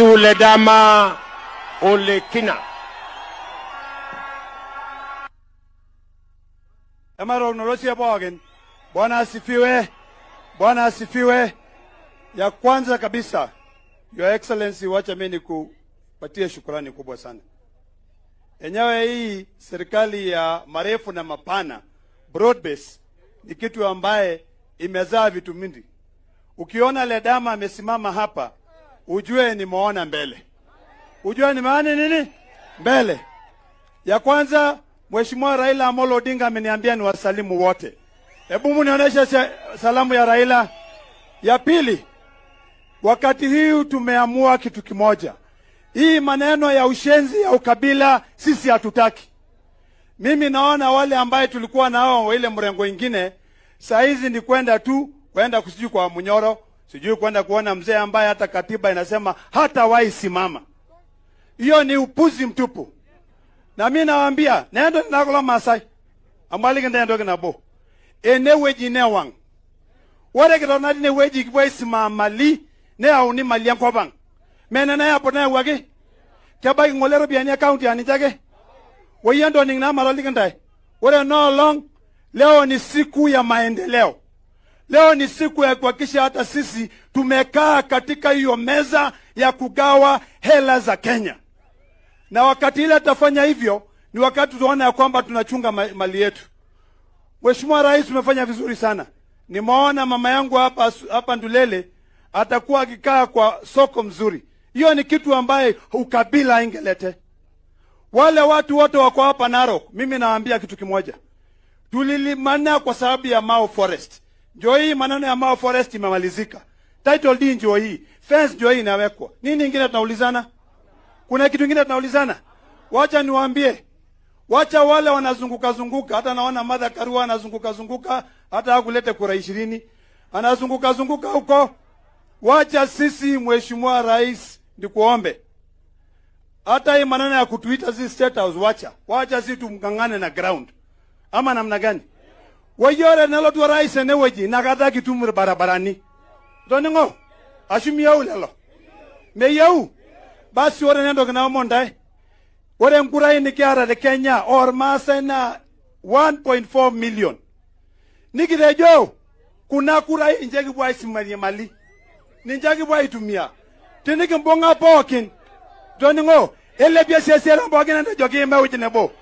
dama les damas, on les kidnappe. Emarognolosia Bwagen, Bwana asifiwe, Bwana asifiwe. Ya kwanza kabisa, Your Excellency, wacha mimi nikupatie shukurani kubwa sana. Enyewe hii serikali ya marefu na mapana broad base ni kitu ambaye imezaa vitu mingi. Ukiona Ledama amesimama hapa ujue nimeona mbele, ujue nimeona nini mbele. Ya kwanza Mheshimiwa Raila Amolo Odinga ameniambia ni wasalimu wote. Hebu munionyeshe salamu ya Raila. Ya pili, wakati huu tumeamua kitu kimoja. Hii maneno ya ushenzi ya ukabila sisi hatutaki. Mimi naona wale ambaye tulikuwa nao ile mrengo ingine, saa hizi ni kwenda tu kwenda kusiju kwa Munyoro, Sijui kwenda kuona mzee ambaye hata katiba inasema hatawahi simama. Hiyo ni upuzi mtupu. Na mimi nawaambia nendo ndakula Masai. Amwali kenda ndo kina bo. Enewe wale Wore kitona dine weji kwa simama li ne auni mali yanko bang. mene na yapo na wage. Kaba ngolero bi ania county anijage. Weyendo ningna maloli kenda. Wore no long leo ni siku ya maendeleo. Leo ni siku ya kuhakikisha hata sisi tumekaa katika hiyo meza ya kugawa hela za Kenya, na wakati ile atafanya hivyo ni wakati tunaona ya kwamba tunachunga mali yetu. Mheshimiwa Rais, umefanya vizuri sana. Nimeona mama yangu hapa hapa Ndulele atakuwa akikaa kwa soko mzuri. Hiyo ni kitu ambaye ukabila ingelete. Wale watu wote wako hapa Narok, mimi nawaambia kitu kimoja, tulilimana kwa sababu ya Mau Forest ndio hii maneno ya Mau Forest imemalizika. Title deed ndio hii. Fence ndio hii inawekwa. Nini ingine tunaulizana? Kuna kitu kingine tunaulizana? Wacha niwaambie. Wacha wale wanazunguka zunguka, hata naona Martha Karua anazunguka zunguka, hata hakulete kura 20. Anazunguka zunguka huko. Wacha sisi, Mheshimiwa Rais, nikuombe. Hata hii maneno ya kutuita sisi state house wacha. Wacha sisi tumng'ang'ane na ground. Ama namna gani? wayore nelotu orais enewueji nakata kitum irbarabarani toning'o ashu miyieu lelo meyau basi ore nentoki naomon tae eh? ore enkurai nikiata de kenya ormaasai na 1.4 million nikitejo kuna kurai ninche kipuo aisimarie mali ninche kipuo aitumia tinikimbung'a pookin toning'o elepie siesera pookin entejo kiima ewueji nebo